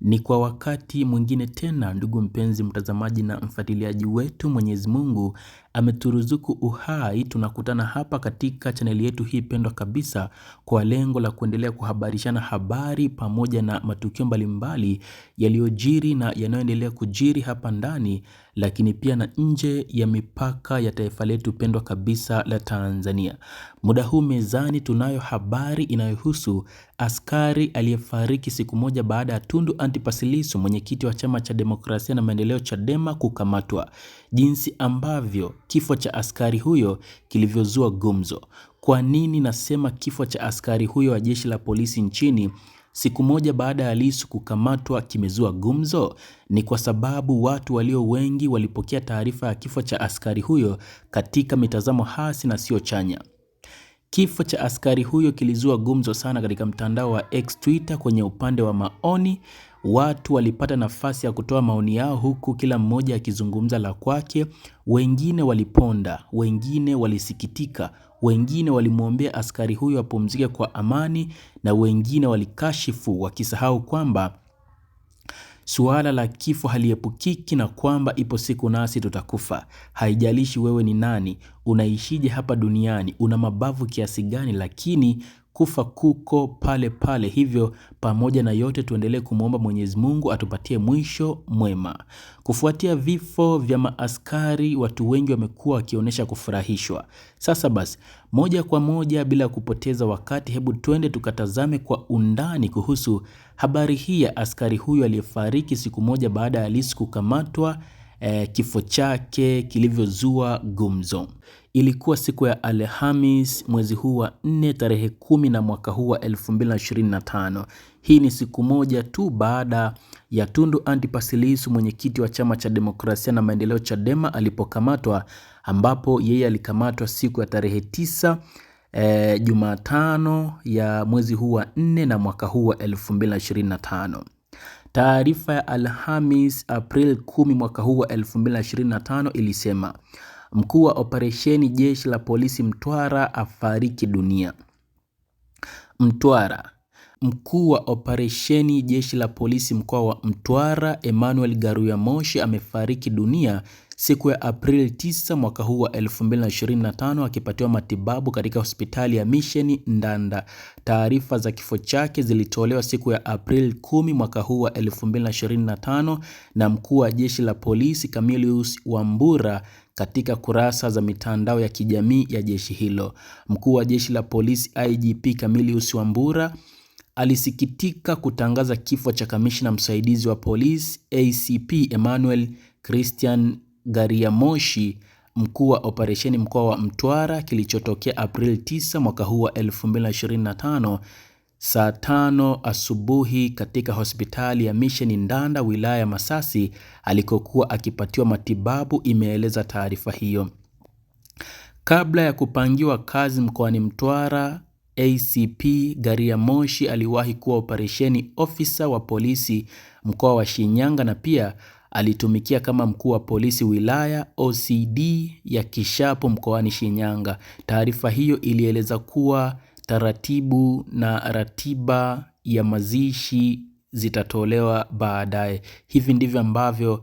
Ni kwa wakati mwingine tena, ndugu mpenzi mtazamaji na mfuatiliaji wetu, Mwenyezi Mungu ameturuzuku uhai. Tunakutana hapa katika chaneli yetu hii pendwa kabisa kwa lengo la kuendelea kuhabarishana habari pamoja na matukio mbalimbali yaliyojiri na yanayoendelea kujiri hapa ndani lakini pia na nje ya mipaka ya taifa letu pendwa kabisa la Tanzania. Muda huu mezani tunayo habari inayohusu askari aliyefariki siku moja baada ya Tundu Antipas Lissu, mwenyekiti wa chama cha demokrasia na maendeleo Chadema, kukamatwa, jinsi ambavyo kifo cha askari huyo kilivyozua gumzo. Kwa nini nasema kifo cha askari huyo wa jeshi la polisi nchini siku moja baada ya Lissu kukamatwa kimezua gumzo ni kwa sababu watu walio wengi walipokea taarifa ya kifo cha askari huyo katika mitazamo hasi na sio chanya. Kifo cha askari huyo kilizua gumzo sana katika mtandao wa X Twitter, kwenye upande wa maoni Watu walipata nafasi ya kutoa maoni yao huku kila mmoja akizungumza la kwake. Wengine waliponda, wengine walisikitika, wengine walimwombea askari huyo apumzike kwa amani, na wengine walikashifu wakisahau kwamba suala la kifo haliepukiki na kwamba ipo siku nasi tutakufa. Haijalishi wewe ni nani, unaishije hapa duniani, una mabavu kiasi gani, lakini kufa kuko pale pale. Hivyo pamoja na yote, tuendelee kumwomba Mwenyezi Mungu atupatie mwisho mwema. Kufuatia vifo vya maaskari, watu wengi wamekuwa wakionyesha kufurahishwa. Sasa basi, moja kwa moja bila kupoteza wakati, hebu twende tukatazame kwa undani kuhusu habari hii ya askari huyu aliyefariki siku moja baada ya Lissu kukamatwa. Eh, kifo chake kilivyozua gumzo. Ilikuwa siku ya Alhamis mwezi huu wa nne tarehe kumi na mwaka huu wa 2025. Hii ni siku moja tu baada ya Tundu Antipas Lissu mwenyekiti wa chama cha demokrasia na maendeleo Chadema alipokamatwa, ambapo yeye alikamatwa siku ya tarehe tisa e, Jumatano ya mwezi huu wa nne na mwaka huu wa 2025. Taarifa ya Alhamis April 10 mwaka huu wa 2025 ilisema Mkuu wa operesheni jeshi la polisi Mtwara afariki dunia. Mtwara. Mkuu wa operesheni jeshi la polisi mkoa wa Mtwara Emmanuel Garuya Moshi amefariki dunia siku ya Aprili 9 mwaka huu wa 2025 akipatiwa matibabu katika hospitali ya Misheni Ndanda. Taarifa za kifo chake zilitolewa siku ya Aprili 10 mwaka huu wa 2025 na mkuu wa jeshi la polisi Camilius Wambura katika kurasa za mitandao ya kijamii ya jeshi hilo. Mkuu wa jeshi la polisi IGP Camilius Wambura alisikitika kutangaza kifo cha kamishna msaidizi wa polisi ACP Emmanuel Christian gari ya moshi mkuu wa operesheni mkoa wa Mtwara kilichotokea Aprili 9 mwaka huu wa 2025 saa tano asubuhi katika hospitali ya Misheni Ndanda wilaya ya Masasi alikokuwa akipatiwa matibabu, imeeleza taarifa hiyo. Kabla ya kupangiwa kazi mkoani Mtwara, ACP Garia Moshi aliwahi kuwa operesheni ofisa wa polisi mkoa wa Shinyanga na pia alitumikia kama mkuu wa polisi wilaya OCD ya Kishapu mkoani Shinyanga. Taarifa hiyo ilieleza kuwa taratibu na ratiba ya mazishi zitatolewa baadaye. Hivi ndivyo ambavyo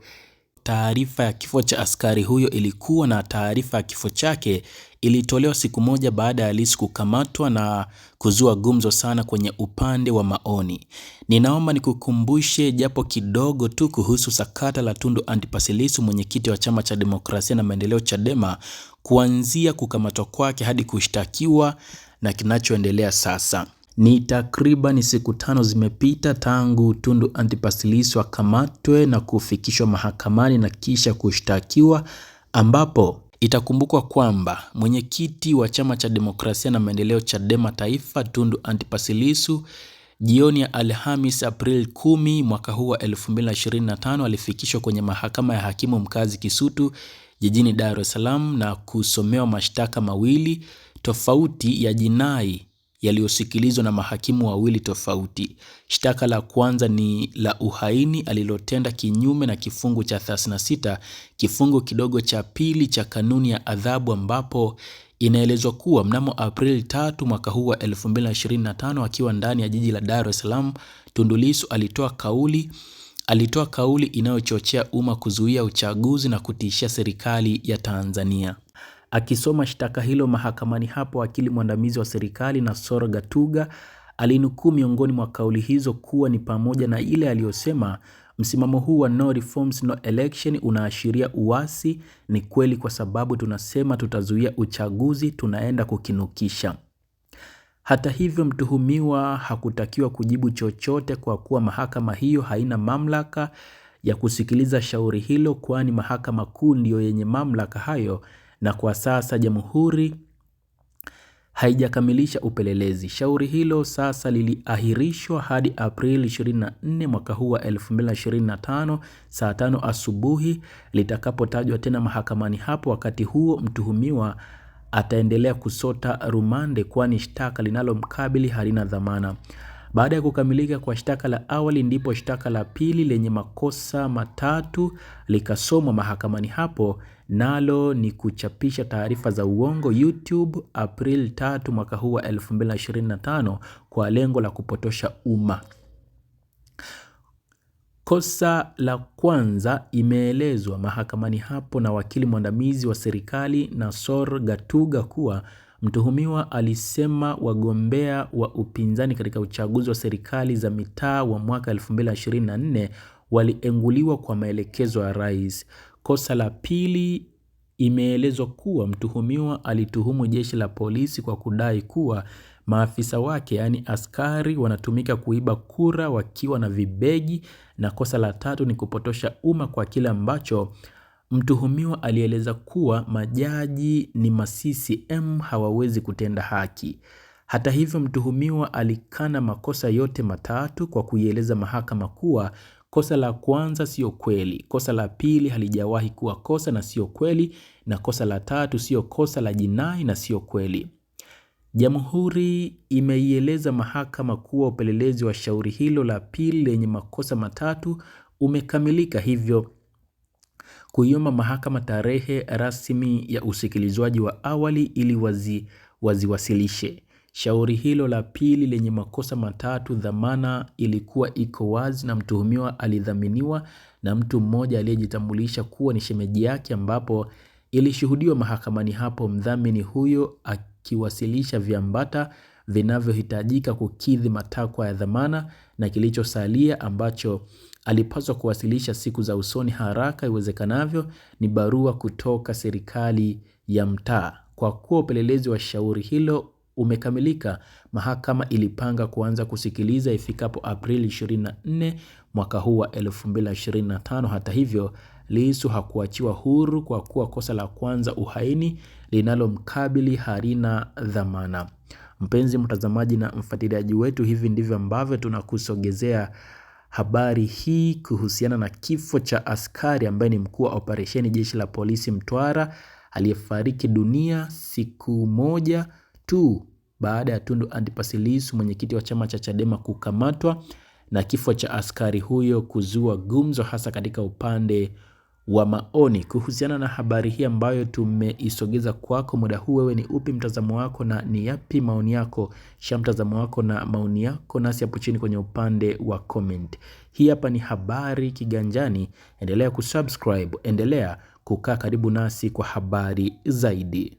taarifa ya kifo cha askari huyo ilikuwa na taarifa ya kifo chake ilitolewa siku moja baada ya Lissu kukamatwa na kuzua gumzo sana kwenye upande wa maoni. Ninaomba nikukumbushe japo kidogo tu kuhusu sakata la Tundu Antipas Lissu, mwenyekiti wa chama cha demokrasia na maendeleo Chadema, kuanzia kukamatwa kwake hadi kushtakiwa na kinachoendelea sasa. Ni takriban siku tano zimepita tangu Tundu Antipas Lissu akamatwe na kufikishwa mahakamani na kisha kushtakiwa, ambapo itakumbukwa kwamba mwenyekiti wa chama cha demokrasia na maendeleo Chadema Taifa, Tundu Antipas Lissu jioni ya Alhamis April 10 mwaka huu wa 2025 alifikishwa kwenye mahakama ya hakimu mkazi Kisutu jijini Dar es Salaam na kusomewa mashtaka mawili tofauti ya jinai yaliyosikilizwa na mahakimu wawili tofauti. Shtaka la kwanza ni la uhaini alilotenda kinyume na kifungu cha 36 kifungu kidogo cha pili cha kanuni ya adhabu, ambapo inaelezwa kuwa mnamo Aprili 3 mwaka huu wa 2025 akiwa ndani ya jiji la Dar es Salaam, Tundu Lissu alitoa kauli alitoa kauli inayochochea umma kuzuia uchaguzi na kutishia serikali ya Tanzania. Akisoma shtaka hilo mahakamani hapo, wakili mwandamizi wa serikali na Sora Gatuga alinukuu miongoni mwa kauli hizo kuwa ni pamoja na ile aliyosema, msimamo huu wa no reforms no election unaashiria uasi. Ni kweli, kwa sababu tunasema tutazuia uchaguzi, tunaenda kukinukisha. Hata hivyo, mtuhumiwa hakutakiwa kujibu chochote kwa kuwa mahakama hiyo haina mamlaka ya kusikiliza shauri hilo, kwani mahakama kuu ndiyo yenye mamlaka hayo na kwa sasa jamhuri haijakamilisha upelelezi. Shauri hilo sasa liliahirishwa hadi Aprili 24 mwaka huu wa 2025 saa 5 asubuhi litakapotajwa tena mahakamani hapo. Wakati huo mtuhumiwa ataendelea kusota rumande, kwani shtaka linalomkabili halina dhamana. Baada ya kukamilika kwa shtaka la awali, ndipo shtaka la pili lenye makosa matatu likasomwa mahakamani hapo nalo ni kuchapisha taarifa za uongo YouTube April 3 mwaka huu wa 2025 kwa lengo la kupotosha umma. Kosa la kwanza imeelezwa mahakamani hapo na wakili mwandamizi wa serikali Nassor Gatuga kuwa mtuhumiwa alisema wagombea wa upinzani katika uchaguzi wa serikali za mitaa wa mwaka 2024 walienguliwa kwa maelekezo ya rais. Kosa la pili, imeelezwa kuwa mtuhumiwa alituhumu jeshi la polisi kwa kudai kuwa maafisa wake yaani askari wanatumika kuiba kura wakiwa na vibegi. Na kosa la tatu ni kupotosha umma kwa kile ambacho mtuhumiwa alieleza kuwa majaji ni ma CCM hawawezi kutenda haki. Hata hivyo, mtuhumiwa alikana makosa yote matatu kwa kuieleza mahakama kuwa Kosa la kwanza sio kweli, kosa la pili halijawahi kuwa kosa na sio kweli, na kosa la tatu sio kosa la jinai na sio kweli. Jamhuri imeieleza mahakama kuwa upelelezi wa shauri hilo la pili lenye makosa matatu umekamilika, hivyo kuiomba mahakama tarehe rasmi ya usikilizwaji wa awali ili wazi waziwasilishe Shauri hilo la pili lenye makosa matatu, dhamana ilikuwa iko wazi na mtuhumiwa alidhaminiwa na mtu mmoja aliyejitambulisha kuwa ni shemeji yake, ambapo ilishuhudiwa mahakamani hapo, mdhamini huyo akiwasilisha viambata vinavyohitajika kukidhi matakwa ya dhamana, na kilichosalia ambacho alipaswa kuwasilisha siku za usoni haraka iwezekanavyo ni barua kutoka serikali ya mtaa. Kwa kuwa upelelezi wa shauri hilo umekamilika, mahakama ilipanga kuanza kusikiliza ifikapo Aprili 24 mwaka huu wa 2025. Hata hivyo, Lissu hakuachiwa huru kwa kuwa kosa la kwanza, uhaini, linalomkabili halina dhamana. Mpenzi mtazamaji na mfuatiliaji wetu, hivi ndivyo ambavyo tunakusogezea habari hii kuhusiana na kifo cha askari ambaye ni mkuu wa operesheni jeshi la polisi Mtwara aliyefariki dunia siku moja tu baada ya Tundu Antipas Lissu mwenyekiti wa chama cha Chadema kukamatwa na kifo cha askari huyo kuzua gumzo hasa katika upande wa maoni. Kuhusiana na habari hii ambayo tumeisogeza kwako muda huu, wewe ni upi mtazamo wako na ni yapi maoni yako? sha mtazamo wako na maoni yako nasi hapo chini kwenye upande wa comment. Hii hapa ni Habari Kiganjani, endelea kusubscribe, endelea kukaa karibu nasi kwa habari zaidi.